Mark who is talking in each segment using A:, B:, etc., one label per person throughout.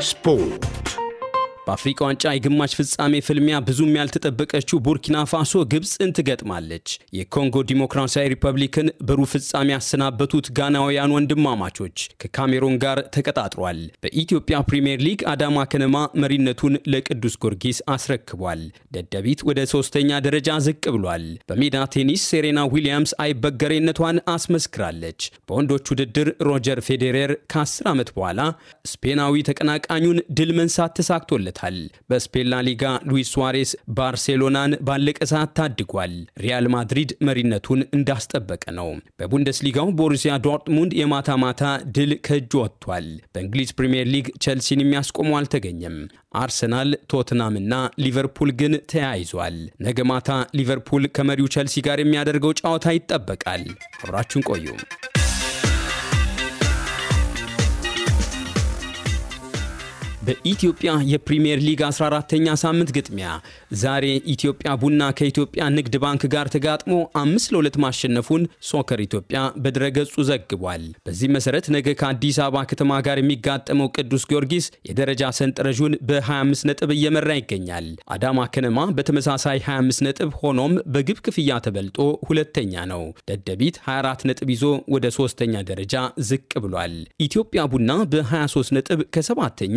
A: Sport. በአፍሪካ ዋንጫ የግማሽ ፍጻሜ ፍልሚያ ብዙም ያልተጠበቀችው ቡርኪና ፋሶ ግብፅን ትገጥማለች። የኮንጎ ዲሞክራሲያዊ ሪፐብሊክን በሩብ ፍጻሜ ያሰናበቱት ጋናውያን ወንድማማቾች ከካሜሩን ጋር ተቀጣጥሯል። በኢትዮጵያ ፕሪምየር ሊግ አዳማ ከነማ መሪነቱን ለቅዱስ ጊዮርጊስ አስረክቧል። ደደቢት ወደ ሶስተኛ ደረጃ ዝቅ ብሏል። በሜዳ ቴኒስ ሴሬና ዊሊያምስ አይበገሬነቷን አስመስክራለች። በወንዶች ውድድር ሮጀር ፌዴሬር ከ10 ዓመት በኋላ ስፔናዊ ተቀናቃኙን ድል መንሳት ተሳክቶለታል። አድርጎታል። በስፔን ላሊጋ ሉዊስ ሱዋሬስ ባርሴሎናን ባለቀ ሰዓት ታድጓል። ሪያል ማድሪድ መሪነቱን እንዳስጠበቀ ነው። በቡንደስሊጋው ቦሩሲያ ዶርትሙንድ የማታ ማታ ድል ከእጅ ወጥቷል። በእንግሊዝ ፕሪምየር ሊግ ቸልሲን የሚያስቆመው አልተገኘም። አርሰናል፣ ቶትናምና ሊቨርፑል ግን ተያይዟል። ነገ ማታ ሊቨርፑል ከመሪው ቸልሲ ጋር የሚያደርገው ጨዋታ ይጠበቃል። አብራችሁን ቆዩ። በኢትዮጵያ የፕሪምየር ሊግ 14ተኛ ሳምንት ግጥሚያ ዛሬ ኢትዮጵያ ቡና ከኢትዮጵያ ንግድ ባንክ ጋር ተጋጥሞ አምስት ለሁለት ማሸነፉን ሶከር ኢትዮጵያ በድረገጹ ዘግቧል። በዚህ መሰረት ነገ ከአዲስ አበባ ከተማ ጋር የሚጋጠመው ቅዱስ ጊዮርጊስ የደረጃ ሰንጠረዡን በ25 ነጥብ እየመራ ይገኛል። አዳማ ከነማ በተመሳሳይ 25 ነጥብ ሆኖም በግብ ክፍያ ተበልጦ ሁለተኛ ነው። ደደቢት 24 ነጥብ ይዞ ወደ ሶስተኛ ደረጃ ዝቅ ብሏል። ኢትዮጵያ ቡና በ23 ነጥብ ከሰባተኛ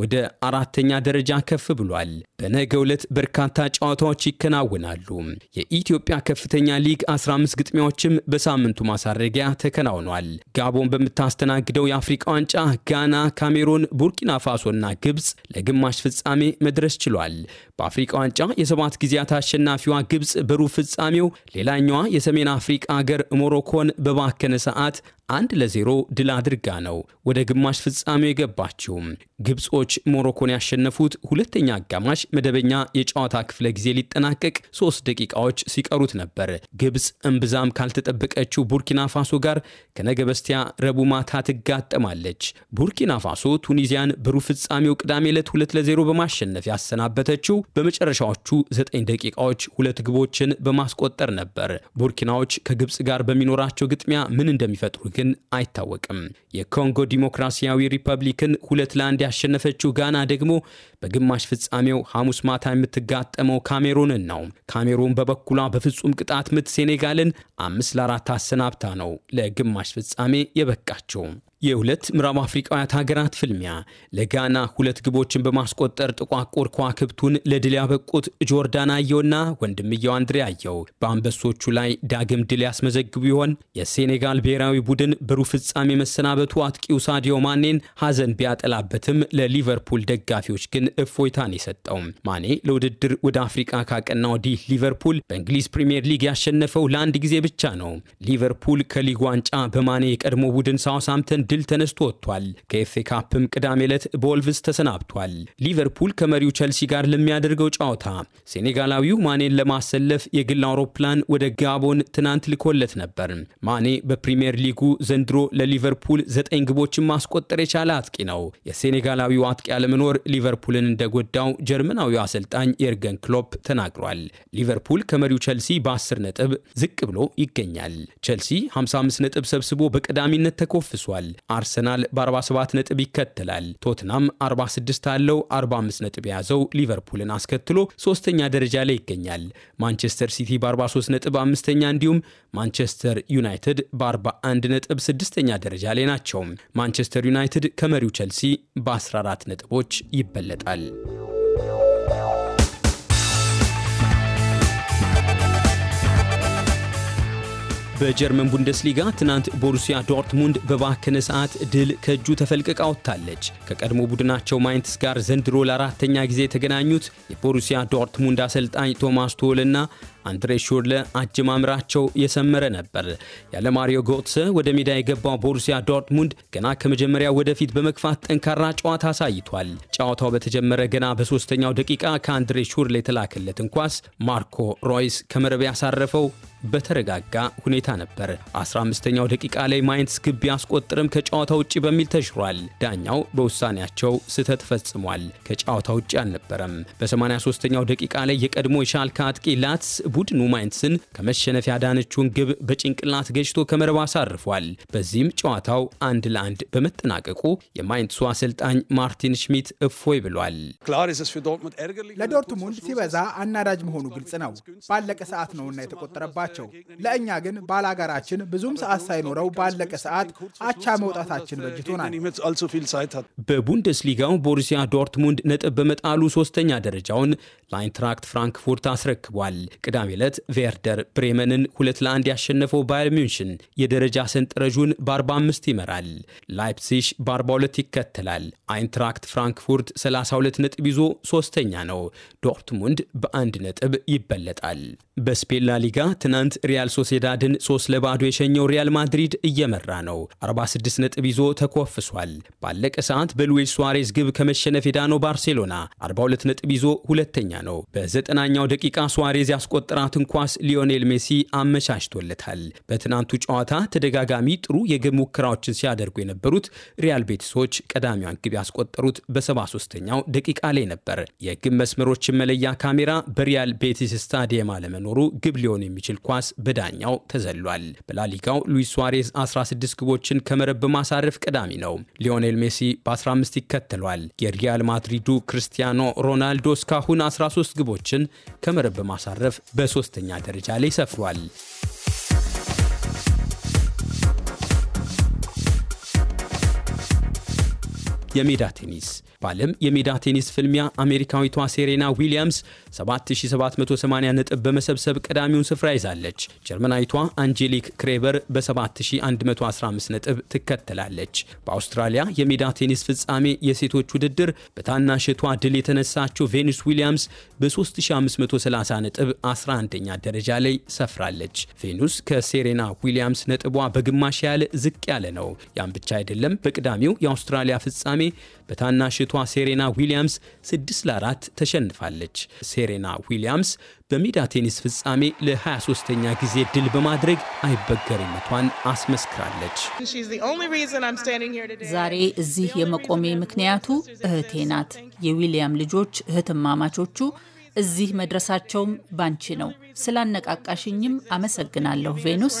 A: ወደ አራተኛ ደረጃ ከፍ ብሏል። በነገ ዕለት በርካታ ጨዋታዎች ይከናወናሉ። የኢትዮጵያ ከፍተኛ ሊግ 15 ግጥሚያዎችም በሳምንቱ ማሳረጊያ ተከናውኗል። ጋቦን በምታስተናግደው የአፍሪቃ ዋንጫ ጋና፣ ካሜሩን፣ ቡርኪና ፋሶና ግብፅ ለግማሽ ፍጻሜ መድረስ ችሏል። በአፍሪቃ ዋንጫ የሰባት ጊዜያት አሸናፊዋ ግብፅ በሩብ ፍጻሜው ሌላኛዋ የሰሜን አፍሪቃ ሀገር ሞሮኮን በባከነ ሰዓት አንድ ለዜሮ ድል አድርጋ ነው ወደ ግማሽ ፍጻሜው የገባችው። ግብፆ ጨዋታዎች ሞሮኮን ያሸነፉት ሁለተኛ አጋማሽ መደበኛ የጨዋታ ክፍለ ጊዜ ሊጠናቀቅ ሶስት ደቂቃዎች ሲቀሩት ነበር። ግብፅ እምብዛም ካልተጠበቀችው ቡርኪና ፋሶ ጋር ከነገ በስቲያ ረቡዕ ማታ ትጋጠማለች። ቡርኪና ፋሶ ቱኒዚያን በሩብ ፍጻሜው ቅዳሜ ዕለት ሁለት ለዜሮ በማሸነፍ ያሰናበተችው በመጨረሻዎቹ ዘጠኝ ደቂቃዎች ሁለት ግቦችን በማስቆጠር ነበር። ቡርኪናዎች ከግብፅ ጋር በሚኖራቸው ግጥሚያ ምን እንደሚፈጥሩ ግን አይታወቅም። የኮንጎ ዲሞክራሲያዊ ሪፐብሊክን ሁለት ለአንድ ያሸነፈ ያሸነፈችው ጋና ደግሞ በግማሽ ፍጻሜው ሐሙስ ማታ የምትጋጠመው ካሜሩንን ነው። ካሜሩን በበኩሏ በፍጹም ቅጣት ምት ሴኔጋልን አምስት ለአራት አሰናብታ ነው ለግማሽ ፍጻሜ የበቃቸው። የሁለት ምዕራብ አፍሪቃውያት ሀገራት ፍልሚያ ለጋና ሁለት ግቦችን በማስቆጠር ጥቋቁር ከዋክብቱን ለድል ያበቁት ጆርዳን አየውና ወንድምየው አንድሬ አየው በአንበሶቹ ላይ ዳግም ድል ያስመዘግቡ ይሆን? የሴኔጋል ብሔራዊ ቡድን በሩብ ፍጻሜ መሰናበቱ አጥቂው ሳዲዮ ማኔን ሀዘን ቢያጠላበትም ለሊቨርፑል ደጋፊዎች ግን እፎይታን የሰጠው ማኔ ለውድድር ወደ አፍሪቃ ካቀና ወዲህ ሊቨርፑል በእንግሊዝ ፕሪምየር ሊግ ያሸነፈው ለአንድ ጊዜ ብቻ ነው። ሊቨርፑል ከሊግ ዋንጫ በማኔ የቀድሞ ቡድን ሳውሳምተን ድል ተነስቶ ወጥቷል። ከኤፌ ካፕም ቅዳሜ ዕለት በወልቭስ ተሰናብቷል። ሊቨርፑል ከመሪው ቸልሲ ጋር ለሚያደርገው ጨዋታ ሴኔጋላዊው ማኔን ለማሰለፍ የግል አውሮፕላን ወደ ጋቦን ትናንት ልኮለት ነበር። ማኔ በፕሪምየር ሊጉ ዘንድሮ ለሊቨርፑል ዘጠኝ ግቦችን ማስቆጠር የቻለ አጥቂ ነው። የሴኔጋላዊው አጥቂ አለመኖር ሊቨርፑልን እንደጎዳው ጀርመናዊው አሰልጣኝ የርገን ክሎፕ ተናግሯል። ሊቨርፑል ከመሪው ቸልሲ በ10 ነጥብ ዝቅ ብሎ ይገኛል። ቸልሲ 55 ነጥብ ሰብስቦ በቀዳሚነት ተኮፍሷል። አርሰናል በ47 ነጥብ ይከተላል። ቶትናም 46 አለው። 45 ነጥብ የያዘው ሊቨርፑልን አስከትሎ ሶስተኛ ደረጃ ላይ ይገኛል። ማንቸስተር ሲቲ በ43 ነጥብ አምስተኛ፣ እንዲሁም ማንቸስተር ዩናይትድ በ41 ነጥብ ስድስተኛ ደረጃ ላይ ናቸው። ማንቸስተር ዩናይትድ ከመሪው ቸልሲ በ14 ነጥቦች ይበለጣል። በጀርመን ቡንደስሊጋ ትናንት ቦሩሲያ ዶርትሙንድ በባከነ ሰዓት ድል ከእጁ ተፈልቅቃ ወጥታለች። ከቀድሞ ቡድናቸው ማይንትስ ጋር ዘንድሮ ለአራተኛ ጊዜ የተገናኙት የቦሩሲያ ዶርትሙንድ አሰልጣኝ ቶማስ ቶልና አንድሬ ሹርለ አጀማምራቸው የሰመረ ነበር። ያለ ማሪዮ ጎትሰ ወደ ሜዳ የገባው ቦሩሲያ ዶርትሙንድ ገና ከመጀመሪያ ወደፊት በመግፋት ጠንካራ ጨዋታ አሳይቷል። ጨዋታው በተጀመረ ገና በሶስተኛው ደቂቃ ከአንድሬ ሹርለ የተላከለትን ኳስ ማርኮ ሮይስ ከመረብ ያሳረፈው በተረጋጋ ሁኔታ ነበር። 15ኛው ደቂቃ ላይ ማይንስ ግብ ያስቆጥርም ከጨዋታ ውጭ በሚል ተሽሯል። ዳኛው በውሳኔያቸው ስህተት ፈጽሟል። ከጨዋታ ውጭ አልነበረም። በ83ኛው ደቂቃ ላይ የቀድሞ የሻልካ አጥቂ ላትስ ቡድኑ ማይንስን ከመሸነፍ ያዳነችውን ግብ በጭንቅላት ገጭቶ ከመረብ አሳርፏል። በዚህም ጨዋታው አንድ ለአንድ በመጠናቀቁ የማይንሱ አሰልጣኝ ማርቲን ሽሚት እፎይ ብሏል። ለዶርትሙንድ ሲበዛ አናዳጅ መሆኑ ግልጽ ነው። ባለቀ ሰዓት ነውና የተቆጠረባቸው። ለእኛ ግን ባላጋራችን ብዙም ሰዓት ሳይኖረው ባለቀ ሰዓት አቻ መውጣታችን በጅቶናል። በቡንደስሊጋው ቦሩሲያ ዶርትሙንድ ነጥብ በመጣሉ ሶስተኛ ደረጃውን ለአይንትራክት ፍራንክፉርት አስረክቧል። ቅዳሜ ዕለት ቬርደር ብሬመንን ሁለት ለአንድ ያሸነፈው ባየር ሚንሽን የደረጃ ሰንጠረዡን በ45 ይመራል። ላይፕሲሽ በ42 ይከተላል። አይንትራክት ፍራንክፉርት 32 ነጥብ ይዞ ሶስተኛ ነው። ዶርትሙንድ በአንድ ነጥብ ይበለጣል። በስፔን ላሊጋ ትናንት ሪያል ሶሴዳድን 3 ለባዶ የሸኘው ሪያል ማድሪድ እየመራ ነው። 46 ነጥብ ይዞ ተኮፍሷል። ባለቀ ሰዓት በሉዊስ ሱዋሬዝ ግብ ከመሸነፍ የዳነው ባርሴሎና 42 ነጥብ ይዞ ሁለተኛ ነው። በዘጠናኛው ደቂቃ ሱዋሬዝ ያስቆጠራትን ኳስ ሊዮኔል ሜሲ አመቻችቶለታል። በትናንቱ ጨዋታ ተደጋጋሚ ጥሩ የግብ ሙከራዎችን ሲያደርጉ የነበሩት ሪያል ቤቲሶች ቀዳሚዋን ግብ ያስቆጠሩት በ73ኛው ደቂቃ ላይ ነበር። የግብ መስመሮችን መለያ ካሜራ በሪያል ቤቲስ ስታዲየም አለመኖሩ ግብ ሊሆን የሚችል ኳስ በዳኛው ተዘሏል። በላሊጋው ሉዊስ ሱዋሬዝ 16 ግቦችን ከመረብ በማሳረፍ ቀዳሚ ነው። ሊዮኔል ሜሲ በ15 ይከተሏል። የሪያል ማድሪዱ ክርስቲያኖ ሮናልዶ እስካሁን 13 13 ግቦችን ከመረብ በማሳረፍ በሶስተኛ ደረጃ ላይ ሰፍሯል። የሜዳ ቴኒስ በዓለም የሜዳ ቴኒስ ፍልሚያ አሜሪካዊቷ ሴሬና ዊሊያምስ 7780 ነጥብ በመሰብሰብ ቀዳሚውን ስፍራ ይዛለች። ጀርመናዊቷ አንጄሊክ ክሬበር በ7115 ነጥብ ትከተላለች። በአውስትራሊያ የሜዳ ቴኒስ ፍጻሜ የሴቶች ውድድር በታናሽቷ ድል የተነሳችው ቬኒስ ዊሊያምስ በ3530 ነጥብ 11ኛ ደረጃ ላይ ሰፍራለች። ቬኑስ ከሴሬና ዊሊያምስ ነጥቧ በግማሽ ያህል ዝቅ ያለ ነው። ያም ብቻ አይደለም። በቅዳሜው የአውስትራሊያ ፍጻሜ ቅዳሜ በታናሽቷ ሴሬና ዊሊያምስ 6 ለ4 ተሸንፋለች። ሴሬና ዊሊያምስ በሜዳ ቴኒስ ፍጻሜ ለ23ኛ ጊዜ ድል በማድረግ አይበገሬነቷን አስመስክራለች። ዛሬ እዚህ የመቆሜ ምክንያቱ እህቴ ናት። የዊሊያም ልጆች እህትማማቾቹ እዚህ መድረሳቸውም ባንቺ ነው። ስላነቃቃሽኝም አመሰግናለሁ ቬኑስ።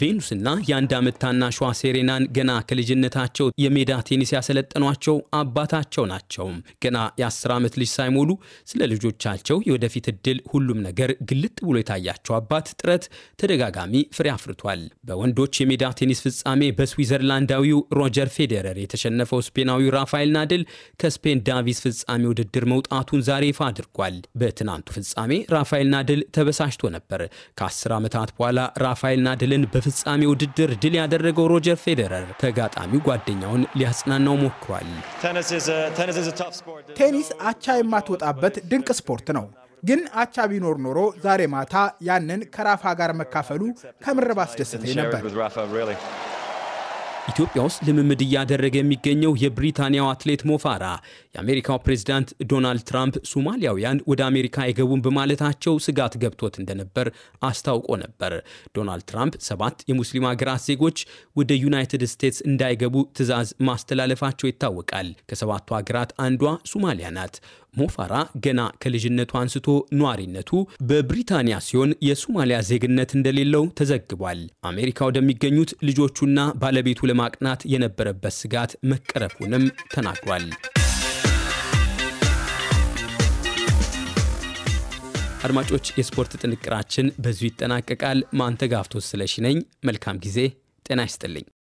A: ቬኑስና የአንድ ዓመት ታናሿ ሴሬናን ገና ከልጅነታቸው የሜዳ ቴኒስ ያሰለጠኗቸው አባታቸው ናቸው። ገና የአስር ዓመት ልጅ ሳይሞሉ ስለ ልጆቻቸው የወደፊት እድል ሁሉም ነገር ግልጥ ብሎ የታያቸው አባት ጥረት ተደጋጋሚ ፍሬ አፍርቷል። በወንዶች የሜዳ ቴኒስ ፍጻሜ በስዊዘርላንዳዊው ሮጀር ፌዴረር የተሸነፈው ስፔናዊው ራፋኤል ናድል ከስፔን ዳቪስ ፍጻሜ ውድድር መውጣቱን ዛሬ ይፋ አድርጓል። በትናንቱ ፍጻሜ ራፋኤል ናድል ተበሳሽቶ ነበር። ከአስር ዓመታት በኋላ ራፋኤል ናድልን በፍጻሜ ውድድር ድል ያደረገው ሮጀር ፌዴረር ተጋጣሚው ጓደኛውን ሊያጽናናው ሞክሯል። ቴኒስ አቻ የማትወጣበት ድንቅ ስፖርት ነው። ግን አቻ ቢኖር ኖሮ ዛሬ ማታ ያንን ከራፋ ጋር መካፈሉ ከምር አስደስተኝ ነበር። ኢትዮጵያ ውስጥ ልምምድ እያደረገ የሚገኘው የብሪታንያው አትሌት ሞፋራ የአሜሪካው ፕሬዝዳንት ዶናልድ ትራምፕ ሶማሊያውያን ወደ አሜሪካ አይገቡም በማለታቸው ስጋት ገብቶት እንደነበር አስታውቆ ነበር። ዶናልድ ትራምፕ ሰባት የሙስሊም ሀገራት ዜጎች ወደ ዩናይትድ ስቴትስ እንዳይገቡ ትዕዛዝ ማስተላለፋቸው ይታወቃል። ከሰባቱ ሀገራት አንዷ ሶማሊያ ናት። ሞፋራ ገና ከልጅነቱ አንስቶ ነዋሪነቱ በብሪታንያ ሲሆን የሶማሊያ ዜግነት እንደሌለው ተዘግቧል። አሜሪካ ወደሚገኙት ልጆቹና ባለቤቱ ለማቅናት የነበረበት ስጋት መቀረፉንም ተናግሯል። አድማጮች፣ የስፖርት ጥንቅራችን በዚሁ ይጠናቀቃል። ማንተጋፍቶት ስለሺ ነኝ። መልካም ጊዜ። ጤና ይስጥልኝ።